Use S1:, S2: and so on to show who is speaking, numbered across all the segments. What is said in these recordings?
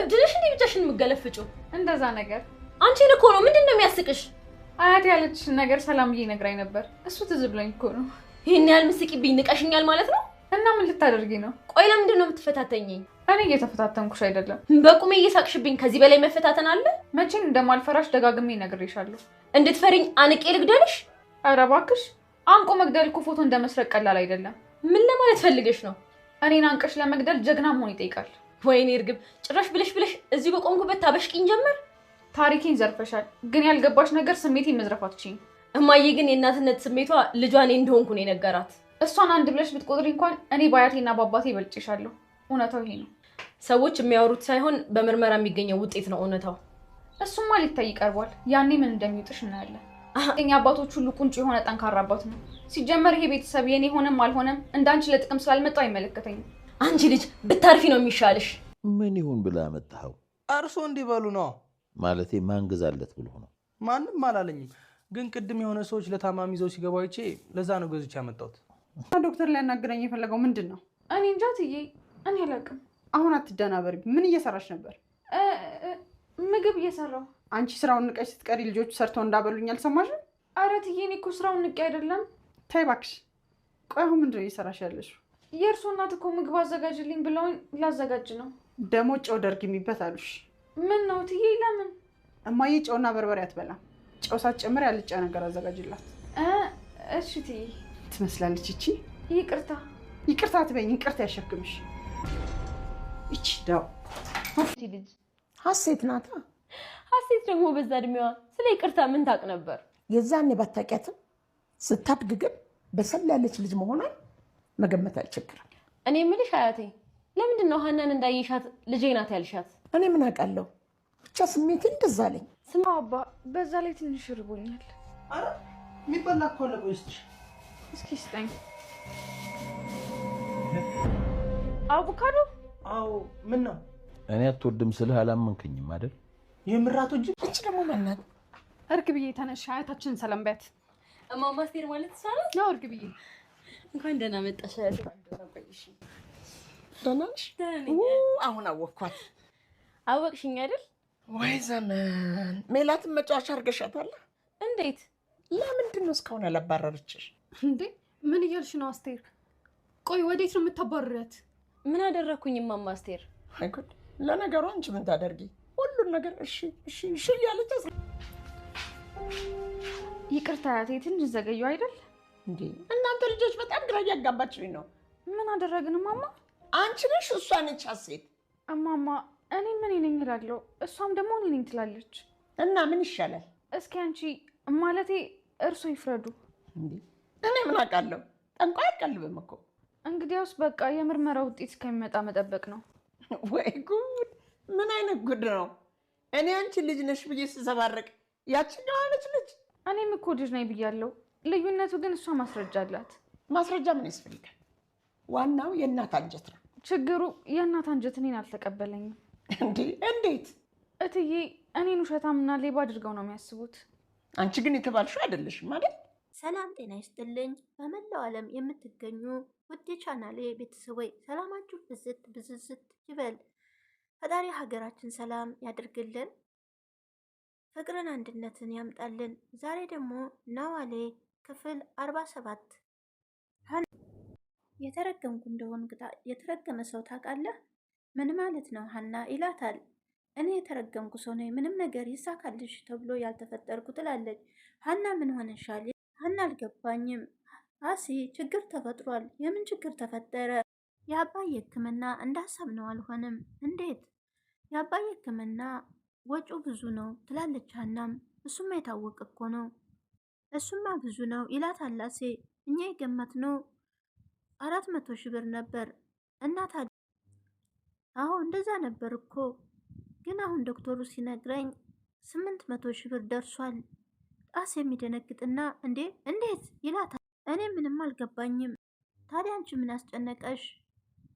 S1: እብድልሽ እንዴ ብቻሽን የምገለፍጪው?
S2: እንደዛ ነገር
S1: አንቺ እኮ ነው። ምንድን ነው የሚያስቅሽ?
S2: አያት ያለችሽን ነገር ሰላምዬ ነግራኝ ነበር። እሱ ትዝ ብሎኝ እኮ ነው።
S1: ይህን ያህል ምስቂብኝ ንቀሽኛል ማለት ነው።
S2: እና ምን ልታደርጊ ነው?
S1: ቆይ ለምንድን ነው የምትፈታተኝኝ?
S2: እኔ እየተፈታተንኩሽ አይደለም፣
S1: በቁሜ እየሳቅሽብኝ። ከዚህ በላይ መፈታተን አለ?
S2: መቼም እንደማልፈራሽ ደጋግሜ ነግሬሻለሁ።
S1: እንድትፈሪኝ አንቄ ልግደልሽ?
S2: ኧረ እባክሽ። አንቆ መግደል እኮ ፎቶ እንደመስረቅ ቀላል አይደለም።
S1: ምን ለማለት ፈልገሽ ነው?
S2: እኔን አንቀሽ ለመግደል ጀግና መሆን ይጠይቃል።
S1: ወይኔ እርግብ፣ ጭራሽ ብለሽ ብለሽ እዚህ በቆምኩበት ታበሽቅኝ ጀመር።
S2: ታሪኬን ዘርፈሻል፣ ግን ያልገባሽ ነገር ስሜቴን መዝረፍ አትችይም።
S1: እማዬ ግን የእናትነት ስሜቷ ልጇ እኔ እንደሆንኩ ነው የነገራት።
S2: እሷን አንድ ብለሽ ብትቆጥሪ እንኳን እኔ በአያቴና በአባቴ ይበልጭሻለሁ። እውነታው ይሄ ነው።
S1: ሰዎች የሚያወሩት ሳይሆን በምርመራ የሚገኘው ውጤት ነው እውነታው።
S2: እሱማ ሊታይ ይቀርቧል። ያኔ ምን እንደሚውጥሽ እናያለን። እኛ አባቶች ሁሉ ቁንጮ የሆነ ጠንካራ አባት ነው። ሲጀመር ይሄ ቤተሰብ የኔ ሆነም አልሆነም እንዳንቺ ለጥቅም ስላልመጣው አይመለከተኝም።
S1: አንቺ ልጅ ብታርፊ ነው የሚሻልሽ።
S3: ምን ይሁን ብለ ያመጣኸው?
S4: አርሶ እንዲበሉ ነው
S3: ማለቴ ማንግዛለት ብሎ ነው።
S4: ማንም አላለኝም፣ ግን ቅድም የሆነ ሰዎች ለታማሚ ይዘው ሲገባ ይቼ ለዛ ነው ገዝቼ ያመጣሁት።
S2: ዶክተር ሊያናግረኝ የፈለገው ምንድን ነው?
S1: እኔ እንጃ ትዬ፣ እኔ አላውቅም።
S2: አሁን አትደናበሪ። ምን እየሰራች ነበር?
S1: ምግብ እየሰራው።
S2: አንቺ ስራውን ንቀሽ ስትቀሪ ልጆቹ ሰርተው እንዳበሉኝ አልሰማሽም?
S1: አረ ትዬ፣ እኔ እኮ ስራውን ንቄ አይደለም።
S2: ተይ እባክሽ። ቆይ አሁን ምንድን ነው እየሰራሽ ያለሽው?
S1: የእርሶ እናት እኮ ምግብ አዘጋጅልኝ ብለውኝ ላዘጋጅ ነው።
S2: ደግሞ ጨው ደርግ የሚበት አሉሽ።
S1: ምን ነው ትዬ? ለምን
S2: እማዬ ጨውና በርበሬ አትበላም? ጨው ሳትጨምር ያልጫ ነገር አዘጋጅላት። እሺ ትዬ። ትመስላለች እቺ። ይቅርታ ይቅርታ አትበይኝ፣ ይቅርታ ያሸክምሽ። እቺ ዳው ልጅ ሀሴት ናታ።
S1: ሀሴት ደግሞ በዛ እድሜዋ ስለ ይቅርታ ምን ታውቅ ነበር?
S2: የዛኔ ባታውቂያትም ስታድግ ግን በሰላለች ልጅ መሆኗን መገመት አልቸግርም።
S1: እኔ የምልሽ አያቴ፣ ለምንድን ነው ሀናን እንዳየሻት ልጄ ናት ያልሻት?
S2: እኔ ምን አውቃለሁ፣ ብቻ ስሜት እንደዛ አለኝ።
S1: ስማ አባ፣ በዛ ላይ ትንሽ ርቦኛል።
S2: አረ የሚበላ ከሆነ ቆይስሽ
S1: እስኪ ስጠኝ። አቮካዶ?
S2: አዎ። ምን ነው
S3: እኔ አትወድም ስልህ አላመንከኝም አይደል?
S2: የምራቱ እጅ እች ደግሞ መናት
S1: እርግብዬ፣ ተነሽ አያታችንን ሰላም በያት።
S5: እማማ አስቴር ማለት ይቻላል ነው እርግ ብዬ እንኳን ደህና መጣሽ።
S2: ደህና ነሽ? አሁን አወቅኳት።
S1: አወቅሽኝ አይደል?
S2: ወይ ዘመን! ሜላትን መጫወቻ አድርገሻታል። እንዴት? ለምንድን ነው እስካሁን ያላባረረችሽ?
S1: እንዴ ምን እያልሽ ነው አስቴር?
S2: ቆይ ወዴት ነው የምታባርረት?
S1: ምን አደረግኩኝ እማማ አስቴር?
S2: አይጉድ! ለነገሩ አንቺ ምን ታደርጊ? ሁሉን ነገር እሺ እሺ እሺ እያለች
S1: ይቅርታ፣ ትንሽ ዘገዩ አይደል
S2: እንዴ እናንተ ልጆች በጣም ግራ እያጋባችሁኝ ነው።
S1: ምን አደረግን እማማ?
S2: አንቺ ነሽ እሷ ነች ሀሴት።
S1: እማማ እኔ ምን ነኝ እላለሁ፣ እሷም ደግሞ እኔ ነኝ ትላለች።
S2: እና ምን ይሻላል?
S1: እስኪ አንቺ ማለቴ እርሶ ይፍረዱ።
S2: እንዴ እኔ ምን አውቃለሁ? ጠንቋይ አይቀልብም እኮ።
S1: እንግዲያውስ በቃ የምርመራ ውጤት እስከሚመጣ መጠበቅ ነው።
S2: ወይ ጉድ! ምን አይነት ጉድ ነው! እኔ አንቺ ልጅ ነሽ ብዬ ስዘባረቅ ያችኛዋ ነች ልጅ።
S1: እኔም እኮ ልጅ ነኝ ብያለሁ ልዩነቱ ግን እሷ ማስረጃ አላት።
S2: ማስረጃ ምን ያስፈልጋል? ዋናው የእናት አንጀት ነው።
S1: ችግሩ የእናት አንጀት እኔን አልተቀበለኝም።
S2: እንዴ! እንዴት
S1: እትዬ፣ እኔን ውሸታምና ሌባ አድርገው ነው የሚያስቡት።
S2: አንቺ ግን የተባልሽው አይደለሽም ማለት
S6: ሰላም ጤና ይስጥልኝ። በመላው ዓለም የምትገኙ ውድ ቻናሌ ቤተሰቦች ሰላማችሁ ብዝት ብዝዝት ይበል። ፈጣሪ ሀገራችን ሰላም ያድርግልን፣ ፍቅርን አንድነትን ያምጣልን። ዛሬ ደግሞ ኖላዊ ክፍል 47 የተረገምኩ እንደሆን የተረገመ ሰው ታውቃለህ? ምን ማለት ነው ሀና ይላታል። እኔ የተረገምኩ ሰው ነኝ፣ ምንም ነገር ይሳካልሽ ተብሎ ያልተፈጠርኩ ትላለች። ሀና ምን ሆነሻል? ሀና አልገባኝም። አሲ ችግር ተፈጥሯል። የምን ችግር ተፈጠረ? የአባዬ ሕክምና እንዳሰብነው አልሆነም እንዴት? የአባይ ሕክምና ወጪው ብዙ ነው ትላለች ሀናም። እሱማ የታወቀ እኮ ነው እሱማ ብዙ ነው ይላት አላሴ። እኛ የገመት ነው አራት መቶ ሺህ ብር ነበር እና ታዲያ አዎ እንደዛ ነበር እኮ ግን አሁን ዶክተሩ ሲነግረኝ ስምንት መቶ ሺህ ብር ደርሷል። ጣስ የሚደነግጥና እንዴ እንዴት ይላታል። እኔ ምንም አልገባኝም። ታዲያ አንቺ ምን አስጨነቀሽ?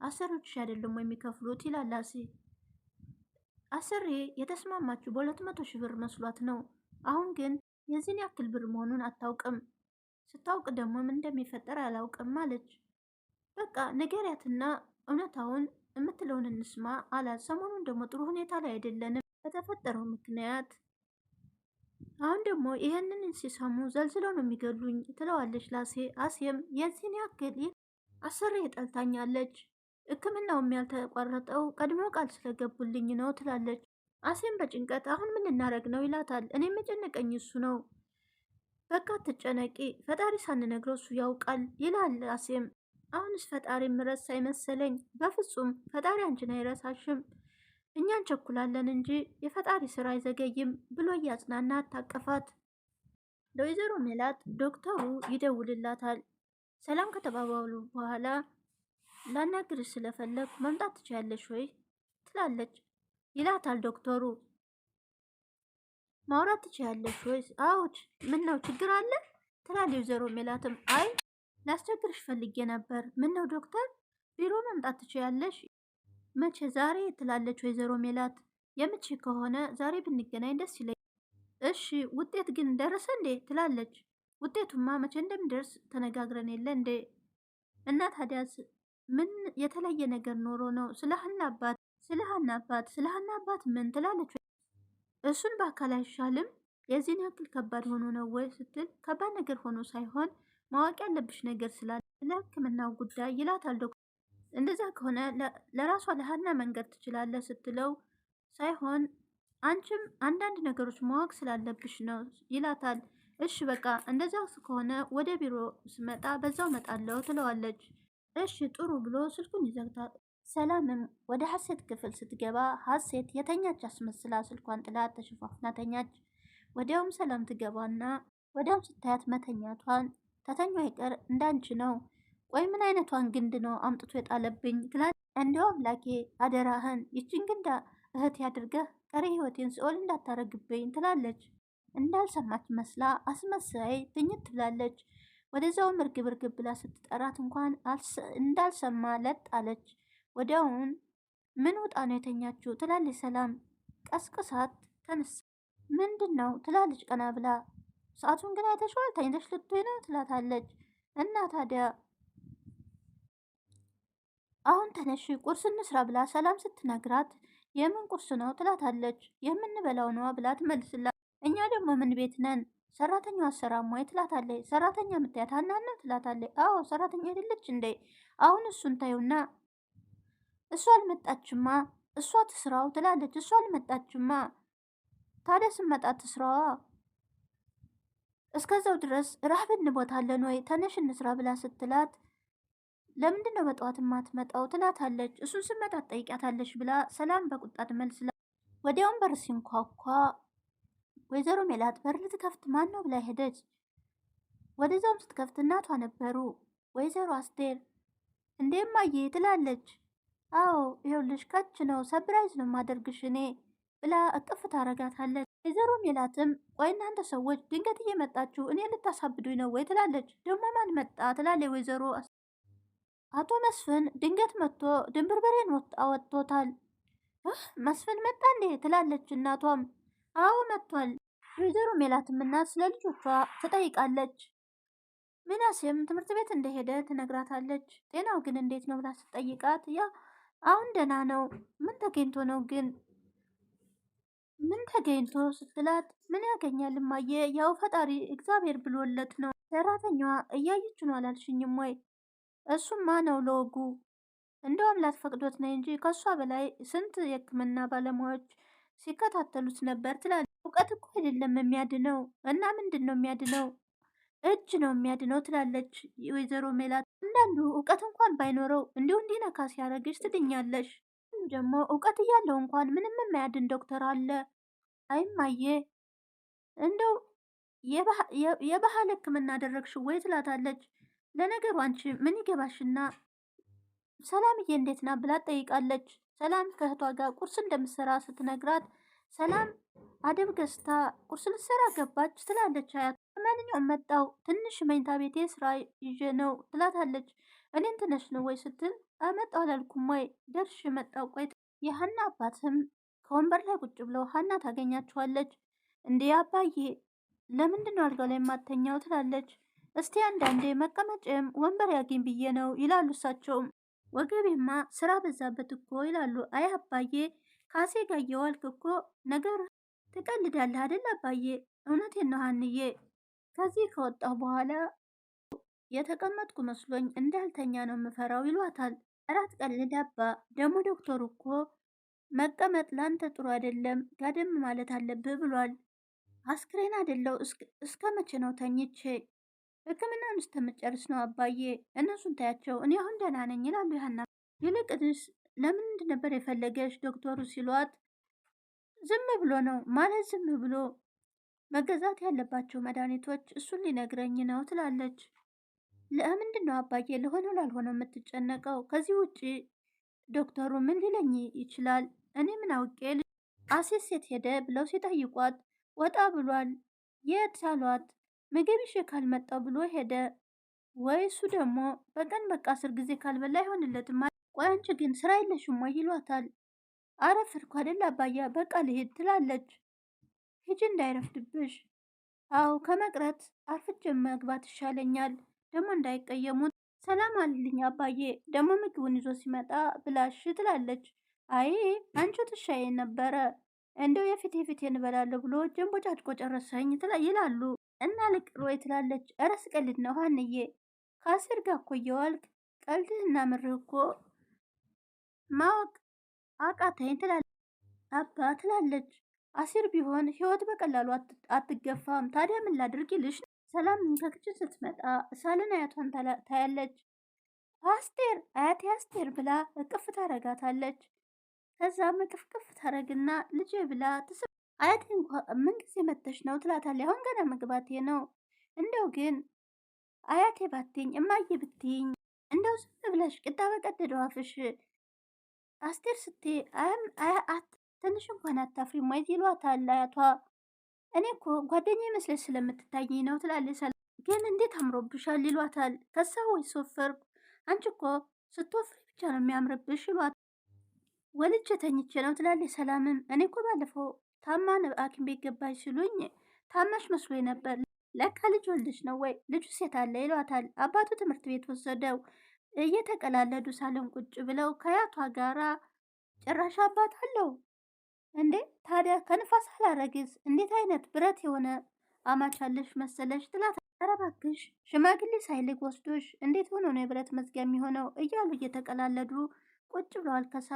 S6: አሰሪዎችሽ አይደለም የሚከፍሉት ይላል አሴ። አሰሪ የተስማማችሁ በሁለት መቶ ሺህ ብር መስሏት ነው። አሁን ግን የዚህን ያክል ብር መሆኑን አታውቅም። ስታውቅ ደግሞ ምን እንደሚፈጠር አላውቅም አለች። በቃ ንገሪያትና እውነታውን የምትለውን እንስማ አላት። ሰሞኑን ደግሞ ጥሩ ሁኔታ ላይ አይደለንም በተፈጠረው ምክንያት። አሁን ደግሞ ይህንን ሲሰሙ ዘልዝለው ነው የሚገሉኝ ትለዋለች ላሴ። አሴም የዚህን ያክል አስሬ ጠልታኛለች ሕክምናውም ያልተቋረጠው ቀድሞ ቃል ስለገቡልኝ ነው ትላለች። አሴም በጭንቀት አሁን ምን እናደርግ ነው ይላታል። እኔ መጨነቀኝ እሱ ነው። በቃ ትጨነቂ ፈጣሪ ሳንነግረው እሱ ያውቃል ይላል አሴም። አሁንስ ፈጣሪ ምረስ አይመሰለኝ። በፍጹም ፈጣሪ አንቺን አይረሳሽም፣ እኛን ቸኩላለን እንጂ የፈጣሪ ስራ አይዘገይም ብሎ እያጽናና አታቀፋት። ለወይዘሮ ሜላት ዶክተሩ ይደውልላታል። ሰላም ከተባባሉ በኋላ ላናግርሽ ስለፈለግ መምጣት ትችያለሽ ወይ ትላለች። ይላታል ዶክተሩ። ማውራት ትችያለሽ ወይስ? አዎድ ምን ነው ችግር አለ ትላለች ወይዘሮ ሜላትም። አይ ላስቸግርሽ ፈልጌ ነበር። ምን ነው ዶክተር ቢሮ መምጣት ትችያለሽ? መቼ? ዛሬ ትላለች ወይዘሮ ሜላት። የምች ከሆነ ዛሬ ብንገናኝ ደስ ይለኝ። እሺ ውጤት ግን ደረሰ እንዴ? ትላለች። ውጤቱማ መቼ እንደሚደርስ ተነጋግረን የለ እንዴ? እና ታዲያስ ምን የተለየ ነገር ኖሮ ነው ስለ ሀና አባት ስለ ሀና አባት ስለ ሀና አባት ምን ትላለች? እሱን በአካል አይሻልም የዚህን ያክል ከባድ ሆኖ ነው ወይ ስትል ከባድ ነገር ሆኖ ሳይሆን ማወቅ ያለብሽ ነገር ስላለ ለሕክምናው ጉዳይ ይላታል ዶክተር። እንደዛ ከሆነ ለራሷ ለሀና መንገድ ትችላለ ስትለው ሳይሆን አንቺም አንዳንድ ነገሮች ማወቅ ስላለብሽ ነው ይላታል። እሺ በቃ እንደዛ ከሆነ ወደ ቢሮ ስመጣ በዛው መጣለው ትለዋለች። እሺ ጥሩ ብሎ ስልኩን ይዘግታል። ሰላምም ወደ ሀሴት ክፍል ስትገባ ሀሴት የተኛች አስመስላ ስልኳን ጥላት ተሸፋፍና ተኛች። ወዲያውም ሰላም ትገባና ወዲያውም ስታያት መተኛቷን ተተኛ አይቀር እንዳንቺ ነው። ቆይ ምን አይነቷን ግንድ ነው አምጥቶ የጣለብኝ ትላለች። እንደው አምላኬ አደራህን ይችን ግንዳ እህት ያድርገህ ቀሪ ህይወቴን ሲኦል እንዳታረግብኝ ትላለች። እንዳልሰማች መስላ አስመሳይ ትኝት ትላለች። ወደዛውም እርግብ እርግብ ብላ ስትጠራት እንኳን እንዳልሰማ ለጥ አለች። ወዲያውም ምን ውጣ ነው የተኛችው ትላለች ሰላም። ቀስቅሳት ተነሳ። ምንድን ነው ትላለች ቀና ብላ። ሰዓቱን ግን አይተሽዋል? ተኝተሽ ልትይ ነው ትላታለች። እና ታዲያ አሁን ተነሽ ቁርስ እንስራ ብላ ሰላም ስትነግራት የምን ቁርስ ነው ትላታለች። የምንበላው ነዋ ብላ ትመልስላት። እኛ ደግሞ ምን ቤት ነን ሰራተኛዋ አሰራም ወይ ትላታለች። ሰራተኛ የምታያት ሀናን ነው ትላታለች። አዎ ሰራተኛ አይደለች እንዴ? አሁን እሱን ታዩና እሷ አልመጣችማ፣ እሷ ትስራው ትላለች። እሷ አልመጣችማ፣ ታዲያ ስመጣ ትስራዋ። እስከዛው ድረስ ረሃብ እንቦታለን ወይ ተነሽ እንስራ ብላ ስትላት ለምንድን ነው በጠዋት ማትመጣው ትላታለች። እሱን ስመጣ ትጠይቂያታለች ብላ ሰላም በቁጣት መልስ ወዲያውም በር ሲንኳኳ ወይዘሮ ሜላት በር ልትከፍት ማን ነው ብላ ሄደች። ወደዛውም ስትከፍት እናቷ ነበሩ። ወይዘሮ አስቴር እንዴ ትላለች። አዎ ይኸውልሽ ካች ነው ሰብራይዝ ነው ማደርግሽ እኔ ብላ እቅፍ ታረጋታለች። ወይዘሮ ሜላትም ቆይ እናንተ ሰዎች ድንገት እየመጣችሁ እኔ ልታሳብዱኝ ነው ወይ ትላለች። ደግሞ ማን መጣ ትላለች ወይዘሮ አቶ መስፍን ድንገት መጥቶ ድንብርበሬን አወጥቶታል። መስፍን መጣ እንዴ ትላለች እናቷም። አዎ መጥቷል። ወይዘሮ ሜላትም እናት ስለ ልጆቿ ትጠይቃለች። ምናሴም ትምህርት ቤት እንደሄደ ትነግራታለች። ጤናው ግን እንዴት ነው ብላ ስትጠይቃት ያ አሁን ደህና ነው። ምን ተገኝቶ ነው ግን? ምን ተገኝቶ ስትላት፣ ምን ያገኛል እማዬ፣ ያው ፈጣሪ እግዚአብሔር ብሎለት ነው። ሰራተኛዋ እያየች ነው አላልሽኝም ወይ? እሱማ ነው ለወጉ። እንደውም ላትፈቅዶት ነው እንጂ ከእሷ በላይ ስንት የሕክምና ባለሙያዎች ሲከታተሉት ነበር ትላለች። እውቀት እኮ አይደለም የሚያድነው። እና ምንድን ነው የሚያድነው? እጅ ነው የሚያድነው ትላለች ወይዘሮ ሜላት። አንዳንዱ እውቀት እንኳን ባይኖረው እንዲሁ እንዲነካ ሲያደርግሽ ትድኛለሽ። ደግሞ እውቀት እያለው እንኳን ምንም የማያድን ዶክተር አለ። አይማዬ እንደው የባህል ሕክምና አደረግሽው ወይ ትላታለች። ለነገሩ አንቺ ምን ይገባሽና ሰላምዬ እንዴት ና ብላ ትጠይቃለች። ሰላም ከእህቷ ጋር ቁርስ እንደምትሰራ ስትነግራት ሰላም አደብ ገዝታ ቁርስ ልትሰራ ገባች ትላለች አያት። ማንኛውም መጣው ትንሽ መኝታ ቤቴ ስራ ይዤ ነው ትላታለች። እኔን ትነሽ ነው ወይ ስትል አመጣው አላልኩም ወይ ደርሽ መጣው። ቆይ የሀና አባትም ከወንበር ላይ ቁጭ ብለው ሀና ታገኛቸዋለች። እንዴ አባዬ ለምንድን ነው አልጋ ላይ የማተኛው ትላለች። እስቲ አንዳንዴ መቀመጭም ወንበር ያግኝ ብዬ ነው ይላሉ እሳቸውም። ወገቤማ ስራ በዛበት እኮ ይላሉ። አይ አባዬ ካሴ ጋር እየዋልክ እኮ ነገር ትቀልዳለህ አይደል አባዬ? እውነቴን ነው ሀንዬ። ከዚህ ከወጣሁ በኋላ የተቀመጥኩ መስሎኝ እንዳልተኛ ነው የምፈራው ይሏታል። እራት ቀልድ አባ። ደግሞ ዶክተሩ እኮ መቀመጥ ላንተ ጥሩ አይደለም፣ ጋደም ማለት አለብህ ብሏል። አስክሬን አይደለው እስከ መቼ ነው ተኝቼ? ሕክምናውን እስከምጨርስ ነው አባዬ። እነሱን ታያቸው፣ እኔ አሁን ደህና ነኝ ይላሉ። ያና ይልቅስ ለምንድ ነበር የፈለገሽ ዶክተሩ ሲሏት ዝም ብሎ ነው ማለት ዝም ብሎ መገዛት ያለባቸው መድኃኒቶች እሱን ሊነግረኝ ነው ትላለች። ለምንድን ነው አባዬ ለሆነው ላልሆነው የምትጨነቀው? ከዚህ ውጭ ዶክተሩ ምን ሊለኝ ይችላል? እኔ ምን አውቄ። አሴት ሴት ሄደ ብለው ሲጠይቋት ወጣ ብሏል የት ሳሏት፣ ምግብ ይዤ ካልመጣው ብሎ ሄደ። ወይ እሱ ደግሞ በቀን በቃ አስር ጊዜ ካልበላ አይሆንለትም። ቆይ አንቺ ግን ስራ የለሽም ወይ ይሏታል። አረፈድኩ አይደል አባያ በቃ ልሄድ ትላለች። ሂጂ እንዳይረፍድብሽ። አዎ ከመቅረት አርፍጄ መግባት ይሻለኛል። ደግሞ እንዳይቀየሙት ሰላም አልልኝ አባዬ። ደግሞ ምግቡን ይዞ ሲመጣ ብላሽ ትላለች። አይ አንቺ ትሻዬ ነበረ እንደው የፊት የፊት እንበላለሁ ብሎ ጀንቦጫጭቆ ጨረሰኝ ይላሉ። እና ልቅር ወይ ትላለች። እረስ ቀልድ ነው ሀንዬ ከአስር ጋር እኮ እየዋልክ እና ምርህ እኮ ማወቅ አቃተኝ ትላለች። አባ ትላለች። አሲር ቢሆን ህይወት በቀላሉ አትገፋም። ታዲያ ምን ላድርግ ይልሽ። ሰላም ከክችን ስትመጣ ሳልን አያቷን ታያለች። አስቴር አያቴ አስቴር ብላ እቅፍ ታረጋታለች። ከዛም እቅፍቅፍ ታረግና ልጄ ብላ ትስ አያቴ እንኳ ምን ጊዜ መጥተሽ ነው ትላታለች። አሁን ገና መግባቴ ነው። እንደው ግን አያቴ ባትኝ እማዬ ብትኝ እንደው ዝም ብለሽ ቅጣ በቀደደው አፍሽ አስቴር ስቴ ትንሽ እንኳን አታፍሪም ወይ ይሏታል አያቷ። እኔ እኮ ጓደኛ ይመስለች ስለምትታየኝ ነው ትላለች። ግን እንዴት አምሮብሻል ይሏታል። ከሳ ወይ ሶፈር አንቺ እኮ ስትወፍሪ ብቻ ነው የሚያምርብሽ ይሏት። ወልጅ ተኝቼ ነው ትላለች ሰላምም። እኔ እኮ ባለፈው ታማ ሐኪም ቤት ገባች ሲሉኝ ታማሽ መስሎ ነበር። ለካ ልጅ ወልደች ነው ወይ ልጁ ሴት አለ ይሏታል። አባቱ ትምህርት ቤት ወሰደው እየተቀላለዱ ሳለን ቁጭ ብለው ከያቷ ጋራ ጭራሽ አባት አለው እንዴ! ታዲያ ከንፋስ አላረግዝ እንዴት አይነት ብረት የሆነ አማቻለሽ መሰለሽ ትላት። አረባክሽ ሽማግሌ ሳይልግ ወስዶሽ እንዴት ሆኖ ነው የብረት መዝጊያ የሚሆነው? እያሉ እየተቀላለዱ ቁጭ ብለዋል። ከሳ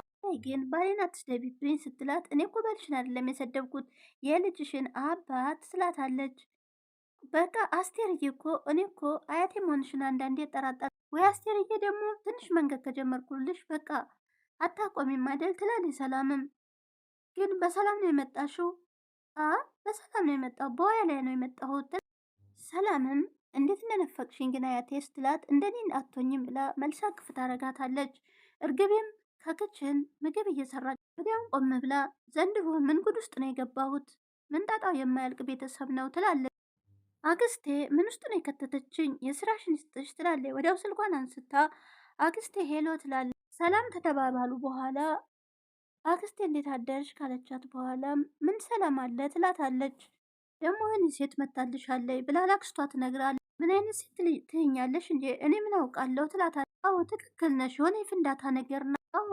S6: ግን ባሌን አትስደቢብኝ ስትላት እኔ እኮ ባልሽን አይደለም የሰደብኩት የልጅሽን አባት ትላታለች። በቃ አስቴርዬ እኮ እኔ እኮ አያቴ መሆንሽን አንዳንዴ ጠራጠር ወይ አስቴርዬ ደግሞ ትንሽ መንገድ ከጀመርኩልሽ በቃ አታቆሚም አይደል ትላለች ሰላምም ግን በሰላም ነው የመጣሽው አ በሰላም ነው የመጣው በወያ ላይ ነው የመጣሁት ሰላምም እንዴት እንደነፈቅሽኝ ግን አያቴ ስትላት እንደኔን አቶኝም ብላ መልሳ ክፍ ታረጋታለች እርግቤም ከክችን ምግብ እየሰራች ወዲያም ቆም ብላ ዘንድሮ ምን ጉድ ውስጥ ነው የገባሁት ምንጣጣው የማያልቅ ቤተሰብ ነው ትላለች አክስቴ ምን ውስጥ ነው የከተተችኝ? የስራሽን ይስጥሽ ትላለች። ወዲያው ስልኳን አንስታ አክስቴ ሄሎ ትላለ። ሰላም ከተባባሉ በኋላ አክስቴ እንዴት አደርሽ ካለቻት በኋላ ምን ሰላም አለ ትላታለች። ደግሞ ይህን ሴት መታልሻለች ብላ ላክስቷ ትነግራለች። ምን አይነት ሴት ትይኛለሽ እንዴ? እኔ ምን አውቃለሁ ትላታለች። አዎ ትክክል ነሽ፣ የሆነ የፍንዳታ ነገር ነው። አዎ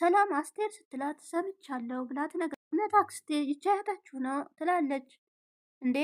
S6: ሰላም አስቴር ስትላት ሰምቻለሁ ብላ ትነግራለች። እውነት አክስቴ ይቻያታችሁ ነው ትላለች። እንዴ